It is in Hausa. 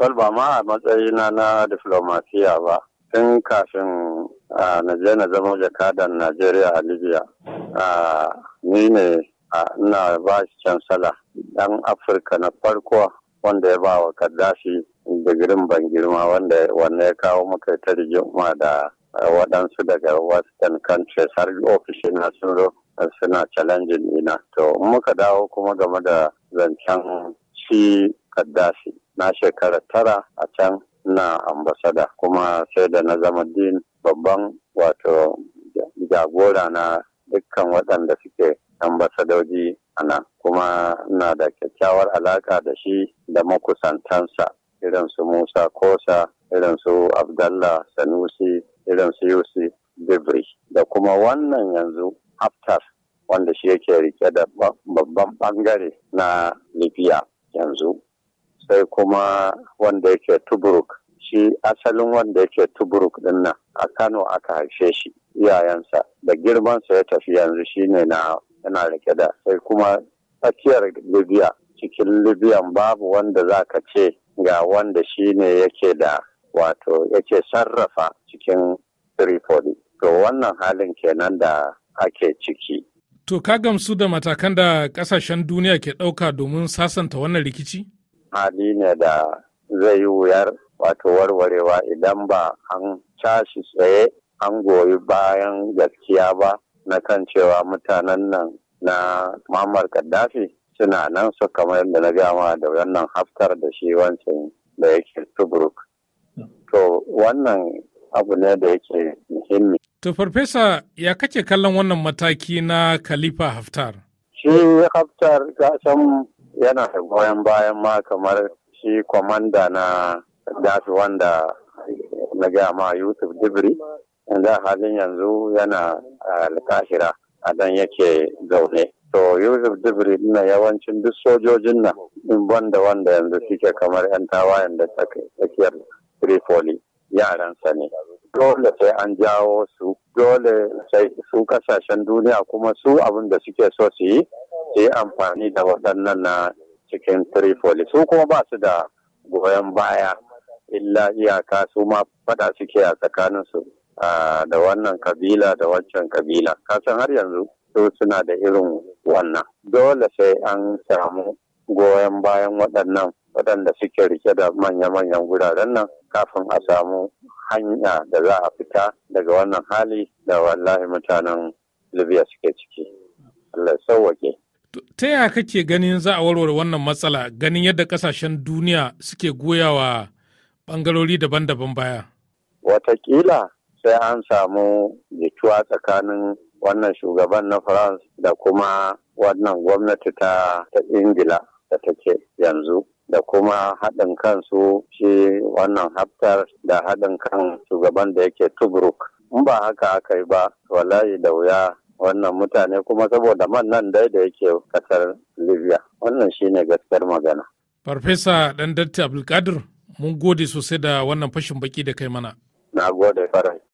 bal ba ma a matsayina na diflomasiya ba tun kafin a je na zama jakadan najeriya a libya ni ne ina ba shi sala dan afirka na farko wanda ya ba wa kaddafi digirin ban girma wanda wanne ya kawo muka ta rigima da waɗansu daga western countries har ofishin na sun zo suna challenging ina to muka dawo kuma game da zancen shi kaddafi na shekara tara a can na ambasada kuma sai da na zama din babban wato jagora na dukkan waɗanda suke ambasadoji a nan kuma na da kyakkyawar alaƙa da shi da makusantansa irin su musa kosa irin su abdallah sanusi irin su yusi bibri da kuma wannan yanzu haftar wanda shi yake rike da babban bangare na libya yanzu sai kuma wanda yake tuburuk shi asalin wanda yake tuburuk din nan a kano aka haife shi iyayensa da girmansa ya tafi yanzu shine na yana rike da sai kuma tsakiyar libya cikin libyan babu wanda za ka ce ga wanda shine yake da wato yake sarrafa cikin tripoli to wannan halin kenan da ake ciki to ka gamsu da matakan da kasashen duniya ke ɗauka domin sasanta wannan rikici hali ne da zai yi wuyar wato warwarewa idan ba an cashi tsaye an goyi bayan gaskiya ba na kan cewa mutanen nan na Muammar Gaddafi suna nan su kamar yadda na gama da wannan haftar da shi wancan da yake Tobruk. To wannan abu ne da yake muhimmi. To farfesa ya kace kallon wannan mataki na Khalifa Haftar? Shi Haftar san yana da goyon bayan ma kamar shi kwamanda na dafi wanda na gaya ma yusuf dibri inda halin yanzu yana alkahira a dan yake zaune to yusuf dibri na yawancin duk sojojin nan in banda wanda yanzu suke kamar yan tawayen da tsakiyar tripoli yaransa ne dole sai an jawo su dole sai su kasashen duniya kuma su abin da suke so su yi su yi amfani da waɗannan na cikin tripoli su kuma ba su da goyon baya illa iyaka su ma faɗa suke a tsakaninsu da wannan kabila da wancan kabila kasan har yanzu su suna da irin wannan dole sai an samu goyon bayan waɗannan waɗanda suke rike da manya-manyan guraren nan kafin a samu hanya da za a fita daga wannan hali da wallahi mutanen libya suke ciki allah sauwake ta yaya kake ganin za a warware wannan matsala ganin yadda kasashen duniya suke goyawa bangarori daban-daban baya watakila sai an samu jituwa tsakanin wannan shugaban na france da kuma wannan gwamnati ta ingila da take yanzu da kuma haɗin kansu shi wannan haftar da haɗin kan shugaban da yake tubruk in ba haka aka yi ba wallahi da wuya wannan mutane kuma saboda man nan dai da yake kasar libya wannan shine gaskiyar magana farfesa dan datti abdulkadir mun gode sosai da wannan fashin baki da kai mana na gode farai